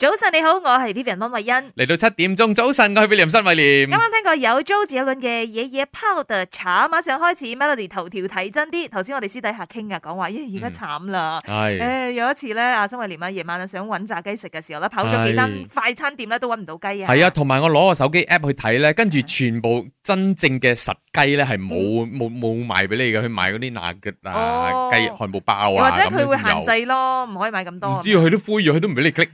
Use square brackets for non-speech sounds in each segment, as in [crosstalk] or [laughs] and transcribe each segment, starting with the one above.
早晨你好，我係 Vivian 溫慧欣。嚟到七點鐘，早晨我係 Vivian 新慧廉。啱啱聽過有周杰倫嘅《爺爺泡的茶》，馬上開始 Mel 條。Melody 頭條睇真啲。頭先我哋私底下傾啊，講話咦，而家慘啦。係。誒，有一次咧，阿新慧廉啊，夜晚啊想搵炸雞食嘅時候咧，跑咗幾間快餐店咧，都搵唔到雞啊。係啊，同埋我攞個手機 app 去睇咧，跟住全部真正嘅實。嗯嗯雞咧係冇冇冇賣俾你嘅，去買嗰啲那嘅啊雞漢堡包啊，包或者佢會限制咯，唔可以買咁多。唔知佢都吧灰咗，佢都唔俾你 click，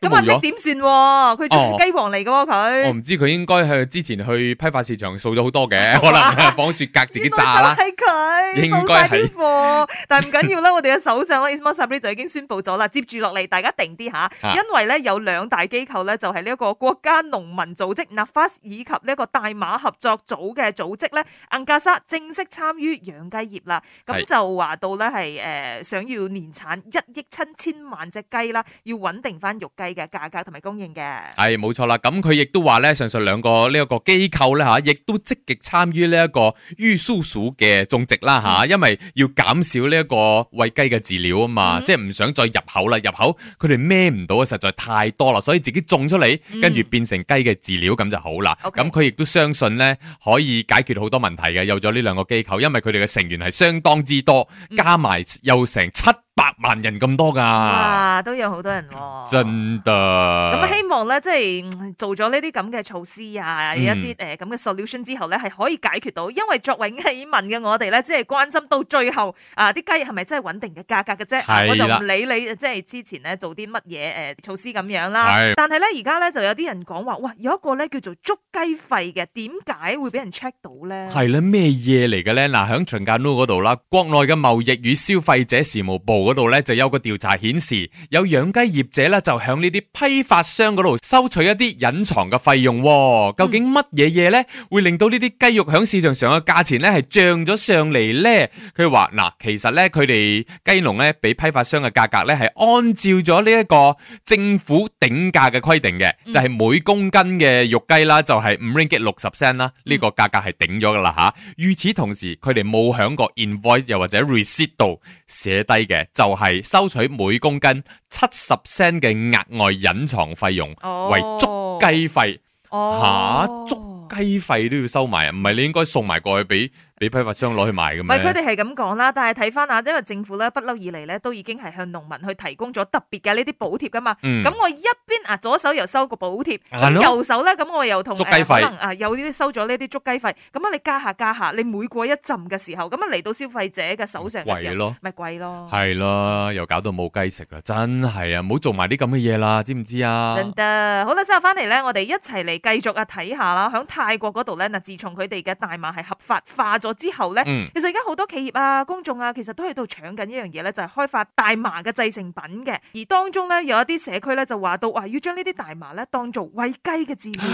都冇咗點算？哦、仲係雞王嚟嘅喎佢。我唔知佢應該係之前去批發市場掃咗好多嘅，可能放雪格自己炸啦。係佢掃曬啲貨，但係唔緊要啦，我哋嘅首相咧 Ismail Sabri 就已經宣布咗啦，接住落嚟大家定啲吓，因為咧有兩大機構咧，就係呢一個國家農民組織 NAFAS 以及呢一個大馬合作組嘅組織咧。銀格沙正式參與養雞業啦，咁就話到咧係誒，想要年產一億七千萬隻雞啦，要穩定翻肉雞嘅價格同埋供應嘅。係冇錯啦，咁佢亦都話咧，上述兩個呢一個機構咧吓，亦都積極參與呢一個玉蜀黍嘅種植啦吓，啊嗯、因為要減少呢一個餵雞嘅飼料啊嘛，嗯、即係唔想再入口啦，入口佢哋孭唔到啊，實在太多啦，所以自己種出嚟，跟住變成雞嘅飼料咁就好啦。咁佢亦都相信咧，可以解決好。多問題嘅，有咗呢兩個機構，因為佢哋嘅成員係相當之多，加埋有成七百萬人咁多噶，哇，都有好多人喎，真嘅。咁希望咧，即係做咗呢啲咁嘅措施啊，一啲誒咁嘅 solution 之後咧，係可以解決到。因為作為市民嘅我哋咧，即係關心到最後啊，啲雞係咪真係穩定嘅價格嘅啫？係啦。我就唔理你，即係之前咧做啲乜嘢誒措施咁樣啦。係。但係咧，而家咧就有啲人講話，哇，有一個咧叫做捉雞費嘅，點解會俾人 check 到咧？係啦，咩嘢嚟嘅咧？嗱，響長假路嗰度啦，國內嘅貿易與消費者事務部。嗰度咧就有個調查顯示，有養雞業者咧就響呢啲批發商嗰度收取一啲隱藏嘅費用，哦。究竟乜嘢嘢呢？會令到呢啲雞肉響市場上嘅價錢呢係漲咗上嚟呢？佢話嗱，其實呢，佢哋雞農呢，俾批發商嘅價格呢係按照咗呢一個政府頂價嘅規定嘅，嗯、就係每公斤嘅肉雞啦，就係五 ringgit 六十 cent 啦，呢、這個價格係頂咗噶啦吓。與、啊、此同時，佢哋冇響過 invoice 又或者 receipt 度寫低嘅。就係收取每公斤七十 cent 嘅額外隱藏費用，oh. 為捉雞費，吓、oh. 捉雞費都要收埋啊！唔係你應該送埋過去俾。俾批發商攞去賣噶嘛？咪佢哋係咁講啦，但係睇翻啊，因為政府咧不嬲以嚟咧都已經係向農民去提供咗特別嘅呢啲補貼噶嘛。咁我一邊啊左手又收個補貼，右手咧咁我又同可能啊有呢啲收咗呢啲捉雞費。咁啊你加下加下，你每過一浸嘅時候，咁啊嚟到消費者嘅手上嘅時候咪貴咯，咪貴咯。係咯，又搞到冇雞食啦，真係啊，唔好做埋啲咁嘅嘢啦，知唔知啊？真得。好啦，之後翻嚟咧，我哋一齊嚟繼續啊睇下啦。喺泰國嗰度咧，嗱，自從佢哋嘅大麻係合法化咗。之後呢，其實而家好多企業啊、公眾啊，其實都喺度搶緊一樣嘢呢，就係開發大麻嘅製成品嘅。而當中呢，有一啲社區呢就話到，話要將呢啲大麻呢當做餵雞嘅飼料，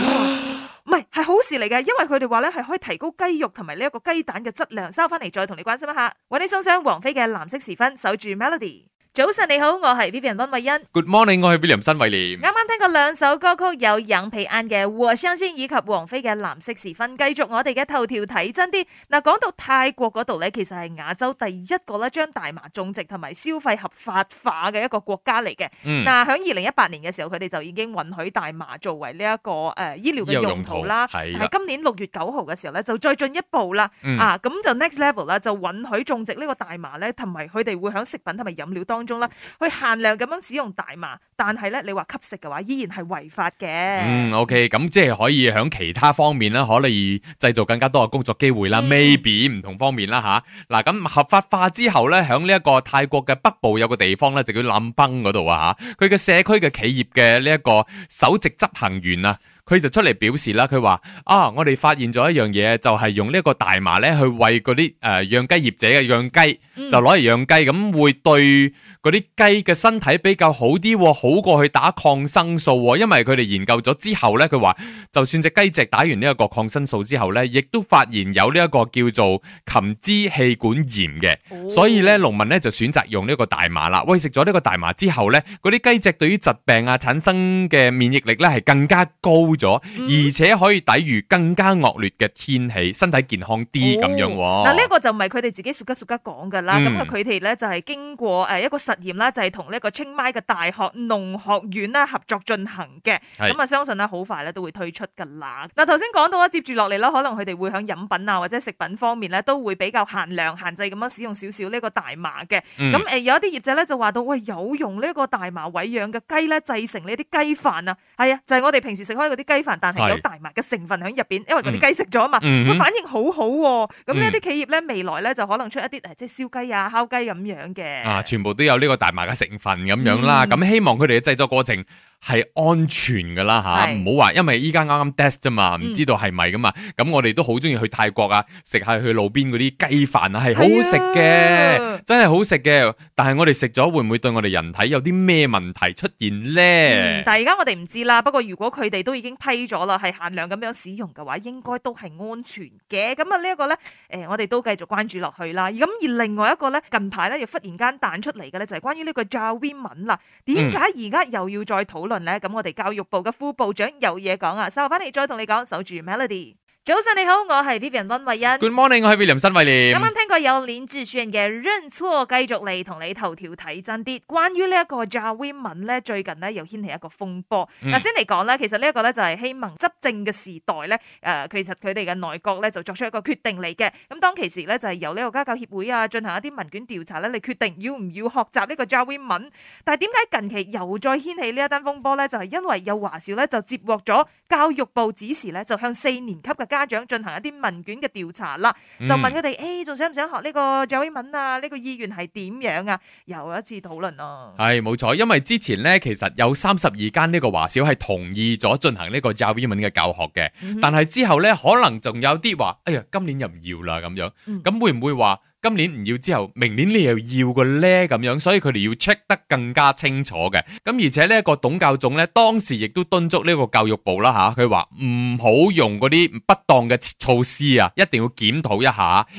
唔係，係好事嚟嘅，因為佢哋話呢係可以提高雞肉同埋呢一個雞蛋嘅質量。收翻嚟再同你關心一下，為你送上，王菲嘅藍色時分，守住 Melody。早晨你好，我係 Vivian 溫慧欣。Good morning，我係 William 申偉廉。啱啱聽過兩首歌曲，有楊皮安嘅《我傷心》以及王菲嘅《藍色時分》。繼續我哋嘅頭條睇真啲。嗱，講到泰國度咧，其實係亞洲第一個咧將大麻種植同埋消費合法化嘅一個國家嚟嘅。嗱、嗯，響二零一八年嘅時候，佢哋就已經允許大麻作為呢、這、一個誒、呃、醫療嘅用途啦。係。但係今年六月九號嘅時候咧，就再進一步啦。嗯、啊，咁就 next level 啦，就允許種植呢個大麻咧，同埋佢哋會響食品同埋飲料當中啦，去限量咁樣使用大麻，但係咧你話吸食嘅話，依然係違法嘅。嗯，OK，咁即係可以響其他方面咧，可以製造更加多嘅工作機會啦。Maybe 唔、嗯、同方面啦吓。嗱、啊，咁合法化之後咧，響呢一個泰國嘅北部有個地方咧，就叫冧崩嗰度啊吓。佢嘅社區嘅企業嘅呢一個首席執行員啊，佢就出嚟表示啦，佢話啊，我哋發現咗一樣嘢，就係、是、用呢一個大麻咧去餵嗰啲誒養雞業者嘅養雞，就攞嚟養雞，咁會對。嗰啲雞嘅身體比較好啲，好過去打抗生素。哦，因為佢哋研究咗之後呢，佢話就算隻雞隻打完呢一個抗生素之後呢，亦都發現有呢一個叫做禽支氣管炎嘅。哦，所以呢，農民呢就選擇用呢一個大麻啦。喂食咗呢個大麻之後呢，嗰啲雞隻對於疾病啊產生嘅免疫力呢係更加高咗，嗯，而且可以抵禦更加惡劣嘅天氣，身體健康啲咁，哦，樣，哦。嗱，呢個就唔係佢哋自己說家說家講噶啦。咁佢哋呢就係經過誒一個實。驗啦，就係同呢一個清邁嘅大學農學院啦合作進行嘅，咁啊是相信咧好快咧都會推出噶啦。嗱，頭先講到啦，接住落嚟咯，可能佢哋會響飲品啊或者食品方面咧都會比較限量限制咁樣使用少少呢個大麻嘅。咁誒、嗯嗯，有一啲業者咧就話到喂，有用呢個大麻餵養嘅雞咧，製成呢啲雞飯啊，係啊，就係、是、我哋平時食開嗰啲雞飯，但係有大麻嘅成分喺入邊，因為嗰啲雞食咗啊嘛，佢、嗯、反應好好、啊、喎。咁呢啲企業咧，未來咧就可能出一啲即係燒雞啊、烤雞咁樣嘅。啊，全部都有。呢個大麻嘅成分咁、嗯、樣啦，咁希望佢哋嘅製作過程。係安全噶啦吓，唔好話，因為依家啱啱 test 啫嘛，唔知道係咪噶嘛。咁、嗯、我哋都好中意去泰國啊，食下去路邊嗰啲雞飯啊，係好、啊、好食嘅，真係好食嘅。但係我哋食咗會唔會對我哋人體有啲咩問題出現咧、嗯？但係而家我哋唔知啦。不過如果佢哋都已經批咗啦，係限量咁樣使用嘅話，應該都係安全嘅。咁啊呢一個咧，誒、呃、我哋都繼續關注落去啦。咁而另外一個咧，近排咧又忽然間彈出嚟嘅咧，就係、是、關於呢個 jawin 文啦。點解而家又要再討？嗯論咧，咁我哋教育部嘅副部長有嘢講啊，稍後翻嚟再同你講，守住 Melody。早晨你好，我係 Vivian 溫慧欣。Good morning，我係 William 申慧廉。啱啱聽過有臉主持人嘅認錯，繼續嚟同你頭條睇真啲。關於呢一個爪夷文咧，最近呢，又掀起一個風波。嗱、嗯，先嚟講咧，其實呢一個咧就係希盟執政嘅時代咧，誒、呃，其實佢哋嘅內閣咧就作出一個決定嚟嘅。咁當其時咧就係由呢個家教協會啊進行一啲問卷調查咧，你決定要唔要學習呢個爪夷文。但係點解近期又再掀起呢一單風波咧？就係、是、因為有華小咧就接獲咗教育部指示咧，就向四年級嘅家家長進行一啲問卷嘅調查啦，嗯、就問佢哋：，誒、欸，仲想唔想學呢個 Jawi 文啊？呢、這個意願係點樣啊？又一次討論咯，係冇錯，因為之前呢，其實有三十二間呢個華小係同意咗進行呢個 Jawi 文嘅教學嘅，嗯、哼但係之後呢，可能仲有啲話，哎呀，今年又唔要啦咁樣，咁、嗯、會唔會話？今年唔要之後，明年你又要個咧咁樣，所以佢哋要 check 得更加清楚嘅。咁而且呢一個董教總呢，當時亦都敦促呢一個教育部啦吓，佢話唔好用嗰啲不當嘅措施啊，一定要檢討一下，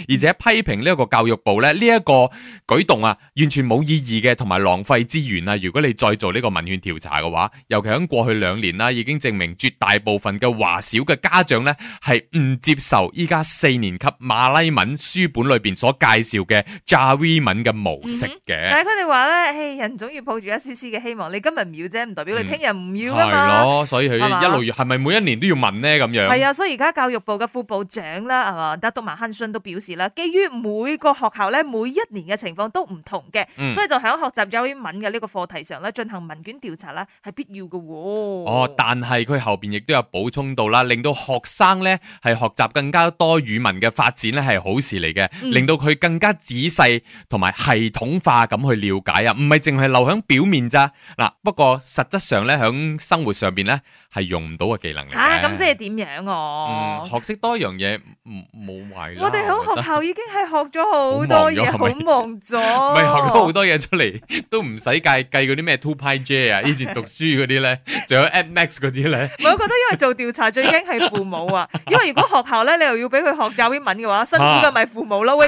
而且批評呢一個教育部呢，呢、這、一個舉動啊，完全冇意義嘅，同埋浪費資源啊。如果你再做呢個民怨調查嘅話，尤其喺過去兩年啦、啊，已經證明絕大部分嘅華小嘅家長呢，係唔接受依家四年級馬來文書本裏邊所介。介紹嘅 Java 文嘅模式嘅，但係佢哋話咧，誒，人總要抱住一絲絲嘅希望。你今日唔要啫，唔代表你聽日唔要啊嘛。係咯，所以佢一路要係咪每一年都要問咧咁樣？係啊，所以而家教育部嘅副部長啦，係嘛，德杜馬漢順都表示啦，基於每個學校咧每一年嘅情況都唔同嘅，所以就喺學習 Java 文嘅呢個課題上咧進行問卷調查啦，係必要嘅。哦，但係佢後邊亦都有補充到啦，令到學生咧係學習更加多語文嘅發展咧係好事嚟嘅，令到佢。更加仔細同埋系統化咁去了解啊，唔係淨係留響表面咋嗱。不過實質上咧，響生活上邊咧係用唔到嘅技能嚟嘅。咁即係點樣哦？嗯，學識多樣嘢冇壞。我哋喺學校已經係學咗好多嘢，好忘咗。唔係學咗好多嘢出嚟，都唔使計計嗰啲咩 two pi j 啊，以前讀書嗰啲咧，仲有 at max 嗰啲咧。我覺得因為做調查最驚係父母啊，因為如果學校咧，你又要俾佢學教英文嘅話，辛苦嘅咪父母咯，會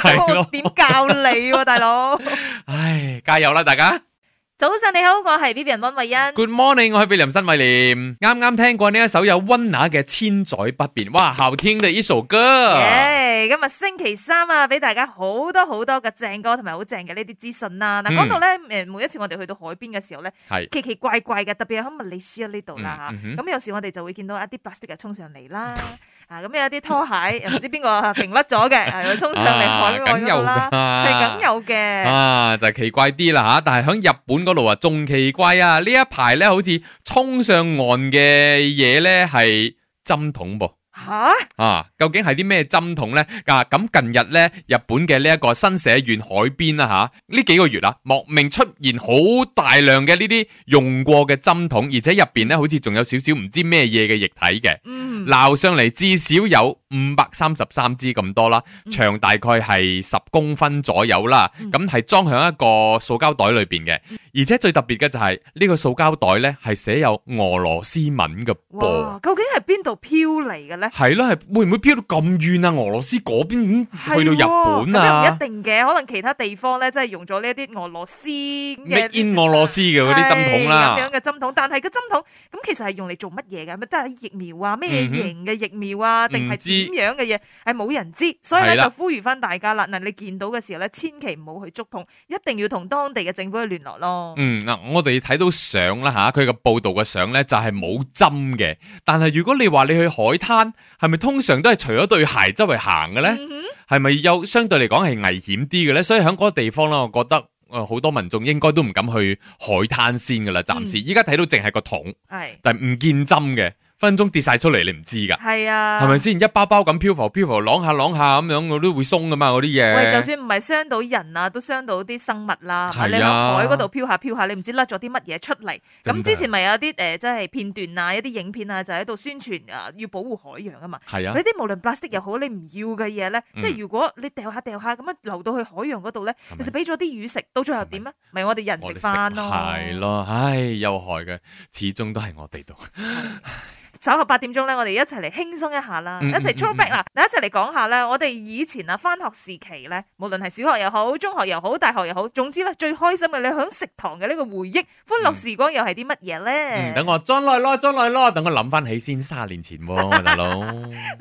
點教你，大佬？唉，加油啦，大家！早晨你好，我係 Vivian 溫慧欣。Good morning，我係 B B 人申偉廉。啱啱聽過呢一首有溫拿嘅千載不變，哇，好聽嘅一首歌。誒，今日星期三啊，俾大家好多好多嘅正歌同埋好正嘅呢啲資訊啦。嗱，講到咧，誒，每一次我哋去到海邊嘅時候咧，係奇奇怪怪嘅，特別響馬來西亞呢度啦吓。咁有時我哋就會見到一啲 plastic 沖上嚟啦。啊，咁、嗯、有啲拖鞋，唔知邊個、啊、平甩咗嘅，又沖上嚟海岸嘅，有、啊、啦，係梗有嘅。啊，就、奇怪啲啦吓，但係響日本嗰度啊，仲奇怪啊，呢一排咧，好似沖上岸嘅嘢咧，係針筒噃。吓啊！究竟係啲咩針筒呢？啊，咁近日呢，日本嘅呢一個新社縣海邊啦吓，呢幾個月啊，莫名出現好大量嘅呢啲用過嘅針筒，而且入邊呢好似仲有少少唔知咩嘢嘅液體嘅。嗯，撈上嚟至少有五百三十三支咁多啦，長大概係十公分左右啦，咁係裝響一個塑膠袋裏邊嘅。而且最特別嘅就係、是、呢、這個塑膠袋咧，係寫有俄羅斯文嘅。哇！究竟係邊度飄嚟嘅咧？係咯，係會唔會飄到咁遠啊？俄羅斯嗰邊的去到日本啊？唔一定嘅，可能其他地方咧，真係用咗呢一啲俄羅斯嘅麼些俄羅斯嘅嗰啲針筒啦。咁樣嘅針筒，但係個針筒咁其實係用嚟做乜嘢嘅？咪都係疫苗啊，咩型嘅疫苗啊，定係點樣嘅嘢？係冇、嗯、哼人知，所以咧就呼籲返大家啦。嗱，你見到嘅時候咧，千祈唔好去觸碰，一定要同當地嘅政府去聯絡咯。嗯，嗱、啊，我哋睇到相啦吓，佢、啊、個報道嘅相咧就係冇針嘅。但係如果你話你去海灘，係咪通常都係除咗對鞋周圍行嘅咧？係咪、嗯、哼有相對嚟講係危險啲嘅咧？所以喺嗰個地方啦，我覺得誒好、呃、多民眾應該都唔敢去海灘先噶啦，暫時。依家睇到淨係個桶，係是但係唔見針嘅。分鐘跌晒出嚟，你唔知噶？係啊，係咪先一包包咁漂浮漂浮，浪下浪下咁樣，我都會鬆噶嘛，嗰啲嘢。喂，就算唔係傷到人啊，都傷到啲生物啦。係啊，你喺海嗰度漂下漂下，你唔知甩咗啲乜嘢出嚟。咁之前咪有啲誒，即係片段啊，一啲影片啊，就喺度宣傳啊，要保護海洋啊嘛。係啊，你啲無論 plastic 又好，你唔要嘅嘢咧，即係如果你掉下掉下咁樣流到去海洋嗰度咧，你就俾咗啲魚食，到最後點啊？咪我哋人食返咯。係咯，唉，有害嘅，始終都係我哋度。稍後八點鐘咧，我哋一齊嚟輕鬆一下、嗯嗯、一啦，嗯嗯、一齊衝 back 嗱，一齊嚟講下咧，我哋以前啊翻學時期咧，無論係小學又好，中學又好，大學又好，總之咧，最開心嘅你響食堂嘅呢個回憶，歡樂時光又係啲乜嘢咧？等我裝耐咯，裝耐咯，等我諗翻起先，卅年前喎，大佬。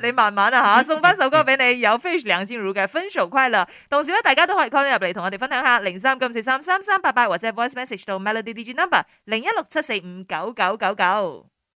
你慢慢啊吓，送翻首歌俾你有， [laughs] 有 Fish 梁靜茹嘅分手快樂。同時咧，大家都可以 call 入嚟同我哋分享下零三九四三三三八八，8，或者 voice message 到 melody DJ number 零一六七四五九九九九。